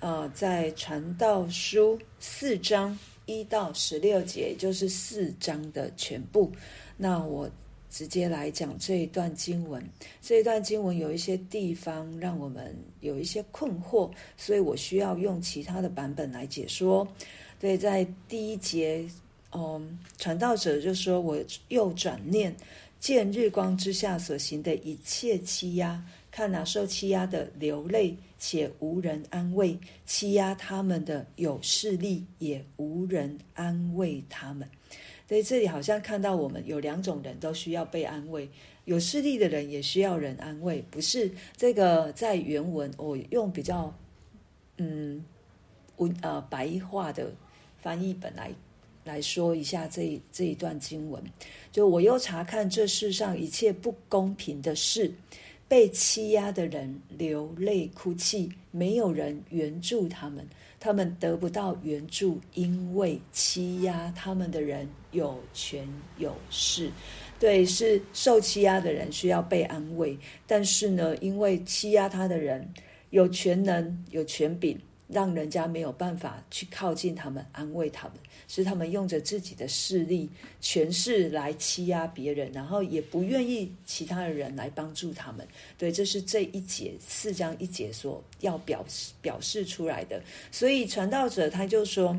呃，在傳道書四章一到十六節，也就是四章的全部。那我直接來講這一段經文。這一段經文有一些地方讓我們有一些困惑，所以我需要用其他的版本來解說。對，在第一節，嗯、呃，傳道者就說：“我又轉念，見日光之下所行的一切欺壓。”看哪，受欺壓的流淚，且無人安慰；欺壓他們的有勢力，也無人安慰他們。在這裡好像看到我們有兩種人都需要被安慰：有勢力的人也需要人安慰。不是這個在原文，我、哦、用比較嗯文、呃、白話的翻譯本來來說一下這這一段經文。就我又查看這世上一切不公平的事。被欺壓的人流淚哭泣，沒有人援助他們，他們得不到援助，因為欺壓他們的人有權有勢。對，是受欺壓的人需要被安慰，但是呢，因為欺壓他的人有權能、有權柄。讓人家沒有辦法去靠近他們，安慰他們，是他們用着自己的勢力、權勢來欺壓別人，然後也不願意其他的人來幫助他們。對，這是這一節，四章一節所要表示表示出來的。所以傳道者他就說：“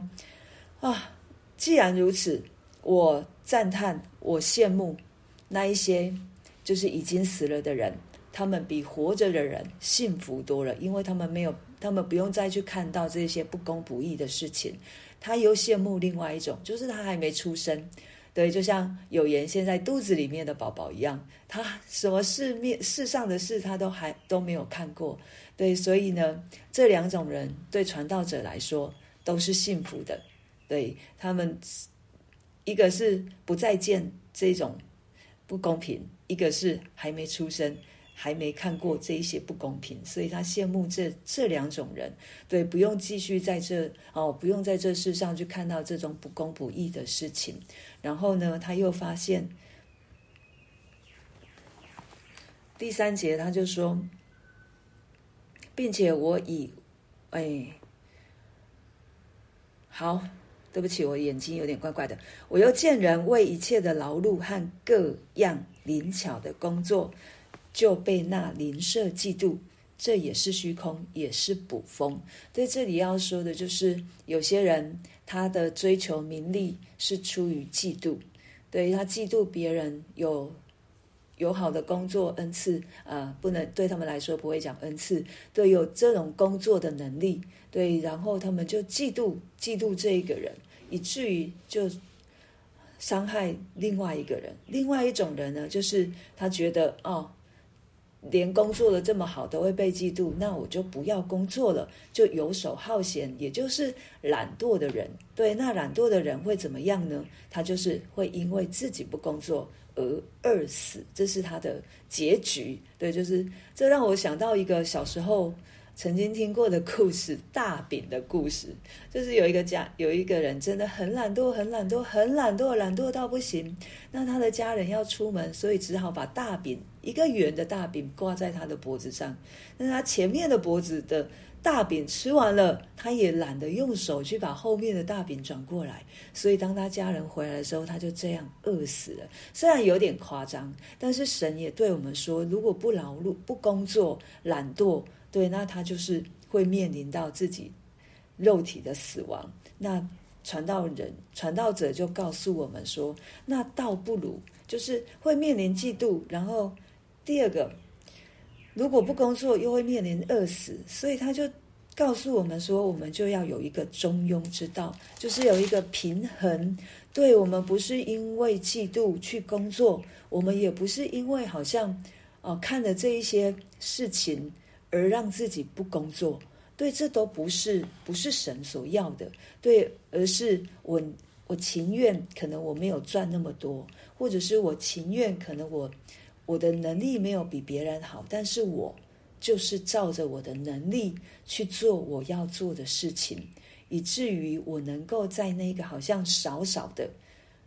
啊，既然如此，我讚嘆，我羨慕那一些就是已經死了的人，他們比活着的人幸福多了，因為他們沒有。”他們不用再去看到這些不公不義的事情，他又羨慕另外一種，就是他還沒出生，對，就像有言現在肚子裡面的寶寶一樣，他什麼世面世上的事他都還都沒有看過，對，所以呢，這兩種人對傳道者來說都是幸福的，對他們，一個是不再見這種不公平，一個是還沒出生。還沒看過這一些不公平，所以他羨慕這這兩種人，對，不用繼續在這哦，不用在這世上去看到這種不公不義的事情。然後呢，他又發現第三節，他就說，並且我以，哎，好，對不起，我眼睛有點怪怪的，我又見人為一切的勞碌和各樣靈巧的工作。就被那鄰舍嫉妒，這也是虛空，也是捕風。在這裡要說的就是，有些人他的追求名利是出於嫉妒，對，他嫉妒別人有有好的工作恩賜啊、呃，不能對他們來說不會講恩賜，對有這種工作的能力，對，然後他們就嫉妒嫉妒這一個人，以至於就傷害另外一個人。另外一種人呢，就是他覺得哦。連工作的這麼好都會被嫉妒，那我就不要工作了，就游手好閒，也就是懶惰的人。對，那懶惰的人會怎麼樣呢？他就是會因為自己不工作而餓死，這是他的結局。對，就是這讓我想到一個小時候曾經聽過的故事——大餅的故事。就是有一個家，有一個人真的很懶惰，很懶惰，很懶惰，懶惰到不行。那他的家人要出門，所以只好把大餅。一個圓的大餅掛在他的脖子上，那他前面的脖子的大餅吃完了，他也懶得用手去把後面的大餅轉過來，所以當他家人回來的時候，他就這樣餓死了。雖然有點誇張，但是神也對我們說，如果不勞碌、不工作、懶惰，對，那他就是會面臨到自己肉體的死亡。那傳道人、傳道者就告訴我們說，那倒不如就是會面臨嫉妒，然後。第二個，如果不工作，又會面臨餓死，所以他就告訴我們說，我們就要有一個中庸之道，就是有一個平衡。對，我們不是因為嫉妒去工作，我們也不是因為好像哦、呃、看了這一些事情而讓自己不工作。對，這都不是不是神所要的。對，而是我我情願，可能我沒有賺那麼多，或者是我情願，可能我。我的能力沒有比別人好，但是我就是照着我的能力去做我要做的事情，以至於我能夠在那個好像少少的、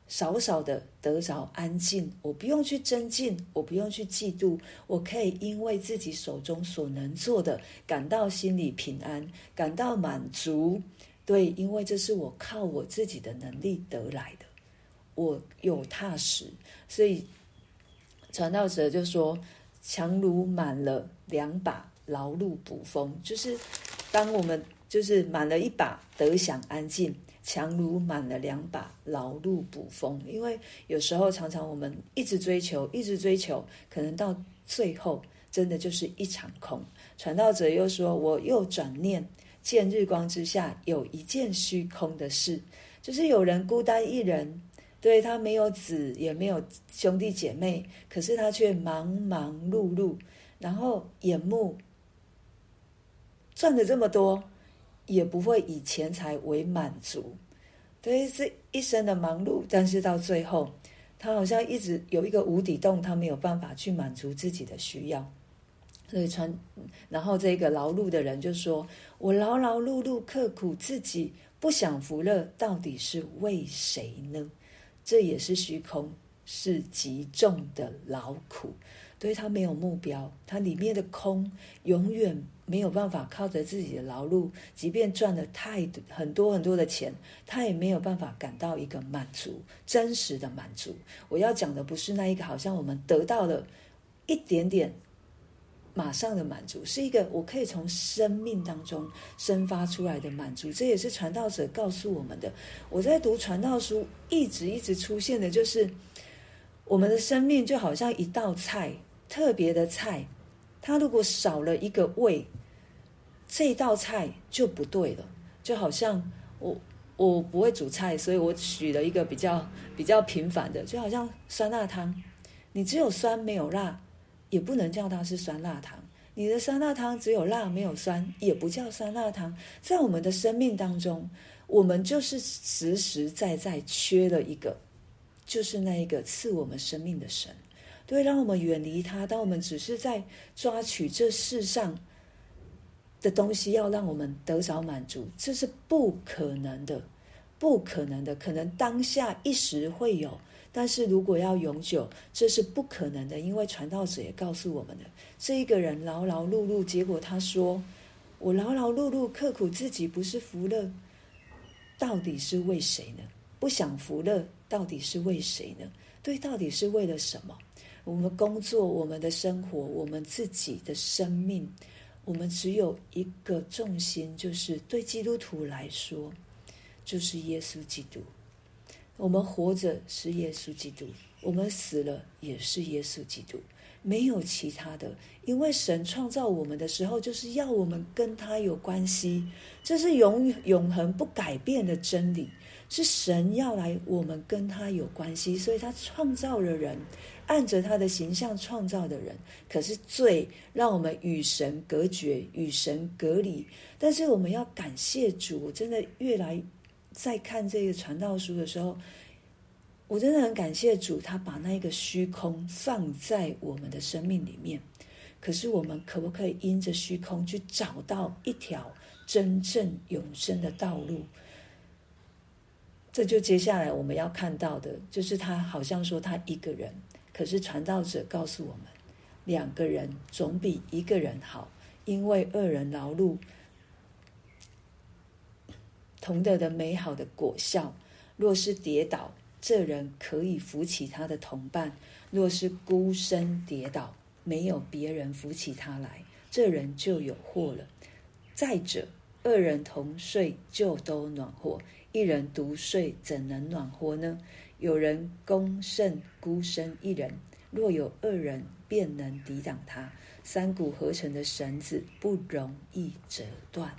少少的得着安靜。我不用去爭競，我不用去嫉妒，我可以因為自己手中所能做的，感到心裡平安，感到滿足。對，因為這是我靠我自己的能力得來的，我有踏實，所以。傳道者就說：“強如滿了兩把，勞碌捕風，就是當我們就是滿了一把得享安靜，強如滿了兩把勞碌捕風。因為有時候常常我們一直追求，一直追求，可能到最後真的就是一場空。”傳道者又說：“我又轉念見日光之下有一件虛空的事，就是有人孤單一人。”對，他沒有子，也沒有兄弟姐妹，可是他卻忙忙碌碌，然後眼目賺的這麼多，也不會以錢財為滿足。所以是一生的忙碌，但是到最後，他好像一直有一個無底洞，他沒有辦法去滿足自己的需要。所以傳，然後這個勞碌的人就說：“我勞勞碌碌，刻苦自己，不享福樂，到底是為誰呢？”這也是虛空，是極重的勞苦，所以它沒有目標。它裡面的空永遠沒有辦法靠着自己的勞碌，即便賺了太多很多很多的錢，他也沒有辦法感到一個滿足，真實的滿足。我要講的不是那一個，好像我們得到了一點點。馬上的滿足是一個我可以從生命當中生發出來的滿足，這也是傳道者告訴我們的。我在讀傳道書，一直一直出現的就是，我們的生命就好像一道菜，特別的菜，它如果少了一個味，這道菜就不對了。就好像我我不會煮菜，所以我取了一個比較比較平凡的，就好像酸辣湯，你只有酸沒有辣。也不能叫它是酸辣湯，你的酸辣湯只有辣沒有酸，也不叫酸辣湯。在我們的生命當中，我們就是實實在在缺了一個，就是那一個賜我們生命的神。對，讓我們遠離他。當我們只是在抓取這世上的東西，要讓我們得着滿足，這是不可能的，不可能的。可能當下一時會有。但是如果要永久，這是不可能的，因為傳道者也告訴我們的，這一個人勞勞碌碌，結果他說：“我勞勞碌碌刻苦自己，不是福樂，到底是為誰呢？不享福樂，到底是為誰呢？對，到底是為了什麼？我們工作，我們的生活，我們自己的生命，我們只有一個重心，就是對基督徒來說，就是耶穌基督。”我們活着是耶穌基督，我們死了也是耶穌基督，沒有其他的。因為神創造我們的時候，就是要我們跟他有關係，這是永永恆不改變的真理。是神要來，我們跟他有關係，所以他創造了人，按着他的形象創造的人。可是罪讓我們與神隔絕，與神隔離。但是我們要感謝主，真的越來。在看這個傳道書的時候，我真的很感謝主，他把那個虛空放在我們的生命裡面。可是我們可不可以因着虛空去找到一條真正永生的道路？這就接下來我們要看到的，就是他好像說他一個人，可是傳道者告訴我們，兩個人總比一個人好，因為二人勞碌。同得的美好的果效，若是跌倒，這人可以扶起他的同伴；若是孤身跌倒，沒有別人扶起他來，這人就有禍了。再者，二人同睡就都暖和，一人獨睡怎能暖和呢？有人攻勝孤身一人，若有二人，便能抵擋他。三股合成的繩子不容易折斷。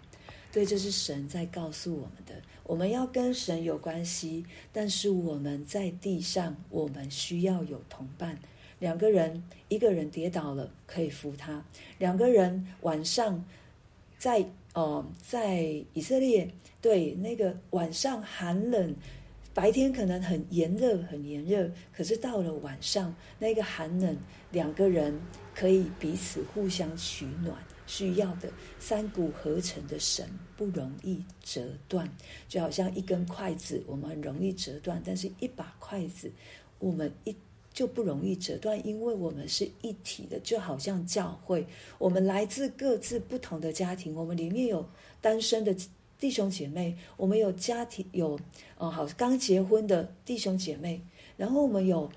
對，這是神在告訴我們的。我們要跟神有關係，但是我們在地上，我們需要有同伴。兩個人，一個人跌倒了可以扶他；兩個人晚上在哦、呃，在以色列，對，那個晚上寒冷，白天可能很炎熱，很炎熱。可是到了晚上，那個寒冷，兩個人可以彼此互相取暖。需要的三股合成的繩不容易折斷，就好像一根筷子，我們很容易折斷，但是一把筷子，我們一就不容易折斷，因為我們是一體的，就好像教會，我們來自各自不同的家庭，我們裡面有單身的弟兄姐妹，我們有家庭，有哦好剛結婚的弟兄姐妹，然後我們有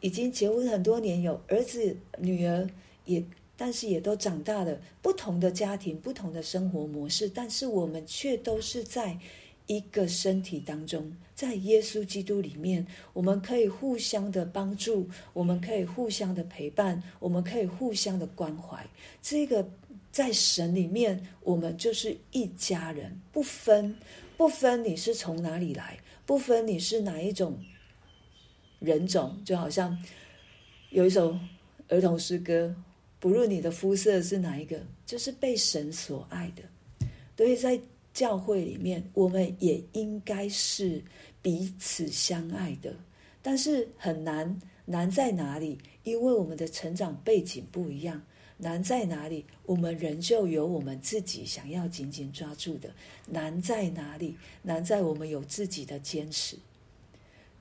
已經結婚很多年，有兒子女兒也。但是也都長大了，不同的家庭，不同的生活模式，但是我們卻都是在一個身體當中，在耶穌基督裡面，我們可以互相的幫助，我們可以互相的陪伴，我們可以互相的關懷。這個在神裡面，我們就是一家人，不分不分你是從哪裡來，不分你是哪一種人種，就好像有一首兒童詩歌。不論你的膚色是哪一個，就是被神所愛的。所以在教會裡面，我們也應該是彼此相愛的。但是很難，難在哪裡？因為我們的成長背景不一樣。難在哪裡？我們仍舊有我們自己想要緊緊抓住的。難在哪裡？難在我們有自己的堅持。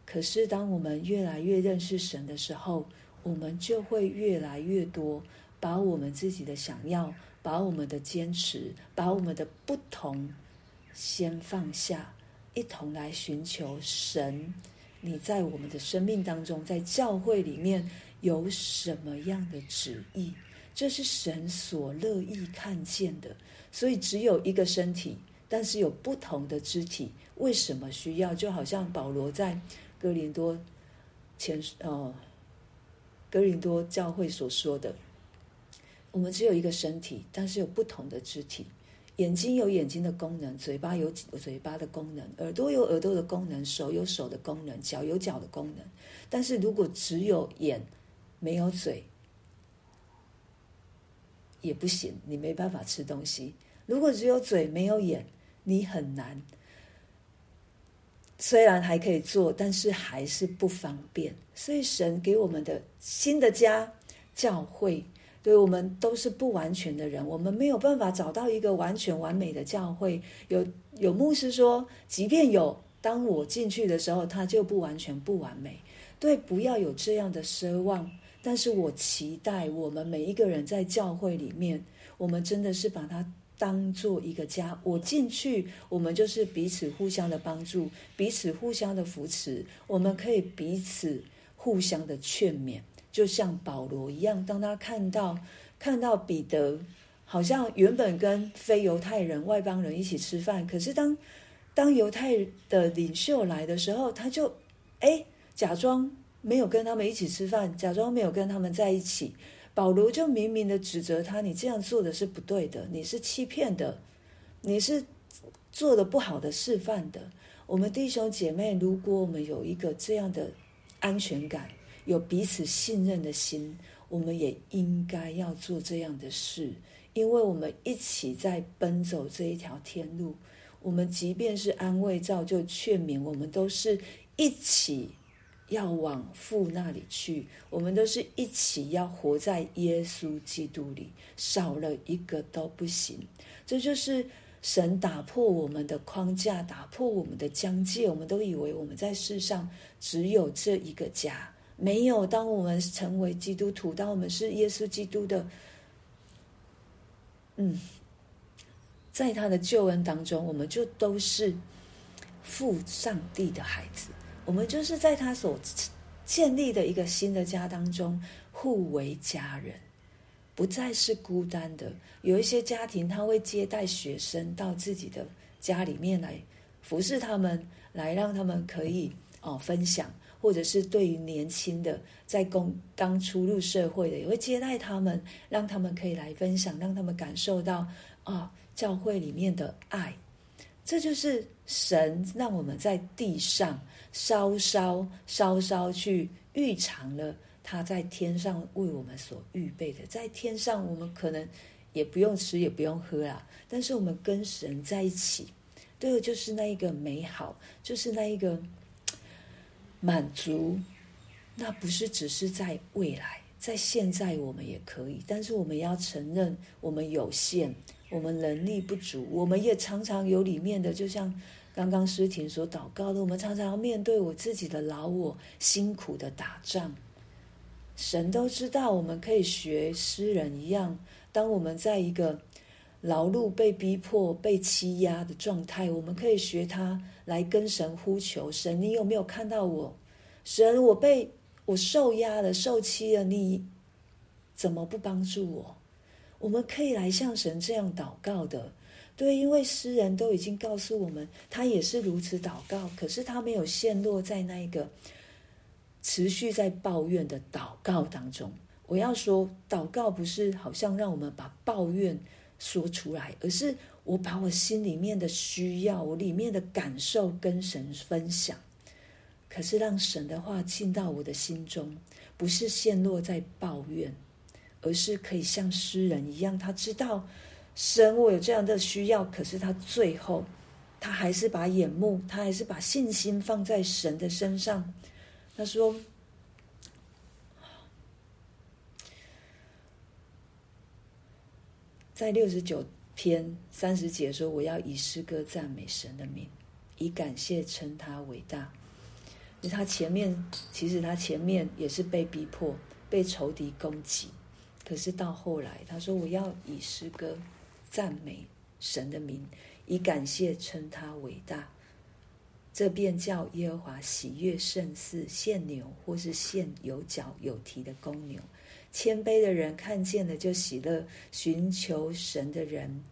可是，當我們越來越認識神的時候，我們就會越來越多。把我們自己的想要，把我們的堅持，把我們的不同，先放下，一同來尋求神。你在我們的生命當中，在教會裡面有什麼樣的旨意？這是神所樂意看見的。所以只有一個身體，但是有不同的肢體。為什麼需要？就好像保羅在哥林多前，呃、哦，哥林多教會所說的。我們只有一個身體，但是有不同的肢體：眼睛有眼睛的功能，嘴巴有嘴巴的功能，耳朵有耳朵的功能，手有手的功能，腳有腳的功能。但是如果只有眼，沒有嘴，也不行，你沒辦法吃東西；如果只有嘴，沒有眼，你很難。雖然還可以做，但是還是不方便。所以，神給我們的新的家教會。所以我們都是不完全的人，我們沒有辦法找到一個完全完美的教會。有有牧師說，即便有，當我進去的時候，他就不完全不完美。對，不要有這樣的奢望。但是我期待我們每一個人在教會裡面，我們真的是把它當做一個家。我進去，我們就是彼此互相的幫助，彼此互相的扶持，我們可以彼此互相的勸勉。就像保羅一樣，當他看到看到彼得，好像原本跟非猶太人、外邦人一起吃飯，可是當當猶太的領袖來的時候，他就誒假裝沒有跟他們一起吃飯，假裝沒有跟他們在一起。保羅就明明地指責他：“你這樣做的是不對的，你是欺騙的，你是做的不好的示範的。”我們弟兄姐妹，如果我們有一個這樣的安全感，有彼此信任的心，我們也應該要做這樣的事，因為我們一起在奔走這一條天路。我們即便是安慰、造就、勸勉，我們都是一起要往父那裡去。我們都是一起要活在耶穌基督裡，少了一個都不行。這就是神打破我們的框架，打破我們的疆界。我們都以為我們在世上只有這一個家。沒有，當我們成為基督徒，當我們是耶穌基督的，嗯，在他的救恩當中，我們就都是父上帝的孩子。我們就是在他所建立的一個新的家當中，互為家人，不再是孤單的。有一些家庭他會接待學生到自己的家裡面來服侍他們，來讓他們可以哦分享。或者是對於年輕的，在公剛出入社會的，也會接待他們，讓他們可以來分享，讓他們感受到啊，教會裡面的愛。這就是神讓我們在地上稍稍稍稍去預嘗了他在天上為我們所預備的。在天上，我們可能也不用吃，也不用喝啦，但是我們跟神在一起，對，就是那一個美好，就是那一個。滿足，那不是只是在未來，在現在我們也可以。但是我們要承認，我們有限，我們能力不足，我們也常常有裡面的，就像剛剛詩婷所禱告的，我們常常要面對我自己的老我，辛苦的打仗。神都知道，我們可以學詩人一樣，當我們在一個。勞碌被逼迫、被欺壓的狀態，我們可以學他來跟神呼求：神，你有沒有看到我？神，我被我受壓了、受欺了，你怎麼不幫助我？我們可以來向神這樣禱告的，對？因為詩人都已經告訴我們，他也是如此禱告，可是他沒有陷落在那一個持續在抱怨的禱告當中。我要說，禱告不是好像讓我們把抱怨。說出來，而是我把我心裡面的需要，我裡面的感受跟神分享。可是讓神的話進到我的心中，不是陷落在抱怨，而是可以像詩人一樣，他知道神，我有這樣的需要，可是他最後，他還是把眼目，他還是把信心放在神的身上。他說，在六十九篇三十節說：“我要以詩歌讚美神的名，以感謝稱他為大。”就他前面，其實他前面也是被逼迫、被仇敵攻擊，可是到後來他說：“我要以詩歌讚美神的名，以感謝稱他為大。”這便叫耶和華喜悅，勝似、獻牛，或是獻有角、有蹄的公牛。謙卑的人看見了就喜樂，尋求神的人，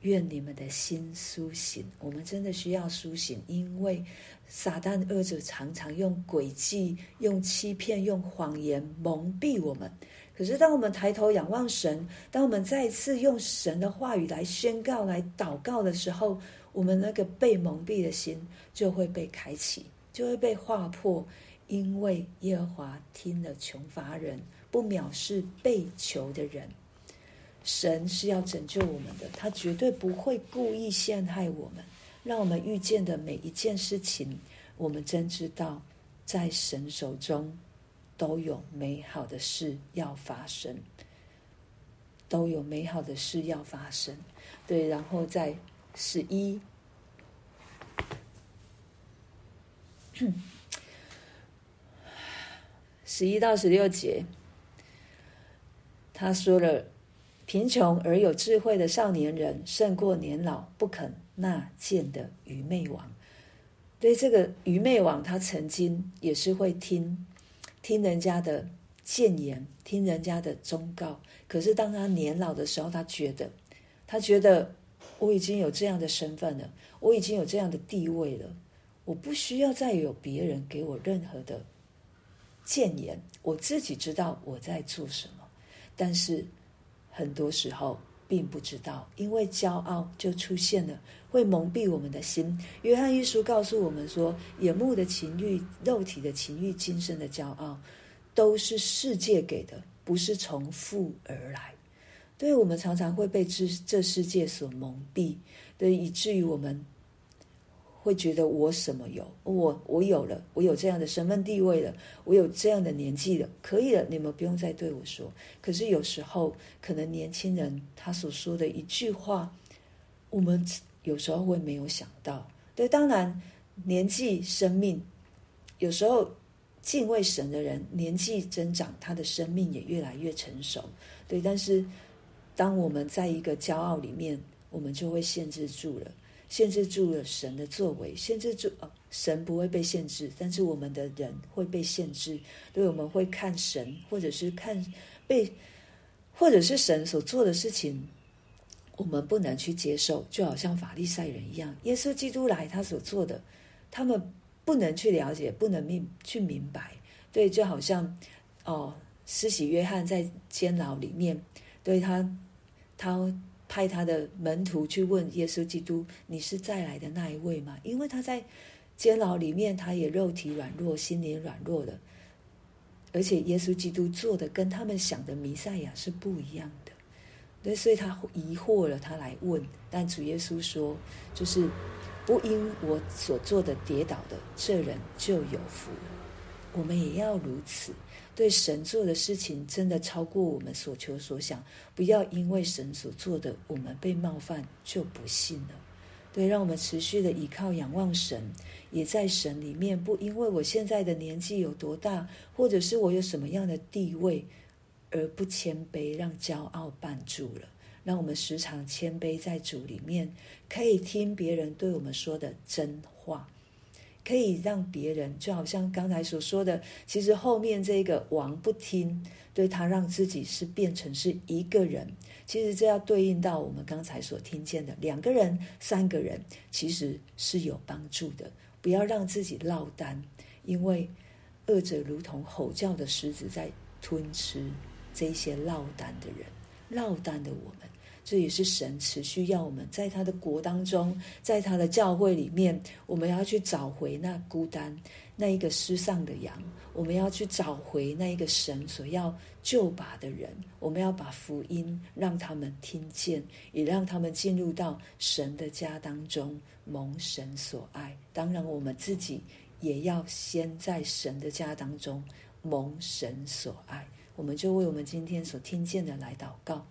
願你們的心甦醒。我們真的需要甦醒，因為撒旦惡者常常用詭計、用欺騙、用謊言蒙蔽我們。可是，當我們抬頭仰望神，當我們再一次用神的話語來宣告、來禱告的時候，我們那個被蒙蔽的心就會被開啟，就會被劃破，因為耶和華聽了窮乏人。不藐視被囚的人，神是要拯救我們的，他絕對不會故意陷害我們。讓我們遇見的每一件事情，我們真知道，在神手中都有美好的事要發生，都有美好的事要發生。對，然後在十一，十一到十六節。他說了：“貧窮而有智慧的少年人勝過年老不肯納諫的愚昧王。”對這個愚昧王，他曾經也是會聽聽人家的諫言，聽人家的忠告。可是當他年老的時候，他覺得，他覺得我已經有這樣的身份了，我已經有這樣的地位了，我不需要再有別人給我任何的諫言，我自己知道我在做什麼。但是很多時候並不知道，因為驕傲就出現了，會蒙蔽我們的心。約翰一書告訴我們說，眼目的情欲、肉體的情欲、今生的驕傲，都是世界給的，不是從父而來。對，我們常常會被這這世界所蒙蔽，對，以至於我們。會覺得我什麼有？我，我有了，我有這樣的身份地位了，我有這樣的年紀了，可以了，你們不用再對我說。可是有時候，可能年輕人他所說的一句話，我們有時候會沒有想到。對，當然，年紀、生命，有時候敬畏神的人，年紀增長，他的生命也越來越成熟。對，但是當我們在一個驕傲裡面，我們就會限制住了。限制住了神的作為，限制住啊、呃，神不會被限制，但是我們的人會被限制。對，我們會看神，或者是看被，或者是神所做的事情，我們不能去接受，就好像法利賽人一樣。耶穌基督來，他所做的，他們不能去了解，不能明去明白。對，就好像哦、呃，施洗約翰在監牢裡面，對他，他。派他的門徒去問耶穌基督：“你是再來的那一位嗎？”因為他在監牢裡面，他也肉體軟弱，心靈軟弱的，而且耶穌基督做的跟他們想的彌賽亞是不一樣的。那所以，他疑惑了，他來問。但主耶穌說：“就是不因我所做的跌倒的這人就有福了，我們也要如此。”對神做的事情真的超過我們所求所想，不要因為神所做的我們被冒犯就不信了，對，讓我們持續的倚靠仰望神，也在神裡面，不因為我現在的年紀有多大，或者是我有什麼樣的地位而不謙卑，讓驕傲絆住了，讓我們時常謙卑在主裡面，可以聽別人對我們說的真話。可以讓別人，就好像剛才所說的，其實後面這個王不聽，對他讓自己是變成是一個人。其實這要對應到我們剛才所聽見的，兩個人、三個人，其實是有幫助的。不要讓自己落單，因為惡者如同吼叫的獅子，在吞吃這些落單的人、落單的我們。這也是神持續要我們在他的國當中，在他的教會裡面，我們要去找回那孤單那一個失喪的羊，我們要去找回那一個神所要救拔的人，我們要把福音讓他們聽見，也讓他們進入到神的家當中蒙神所愛。當然，我們自己也要先在神的家當中蒙神所愛。我們就為我們今天所聽見的來禱告。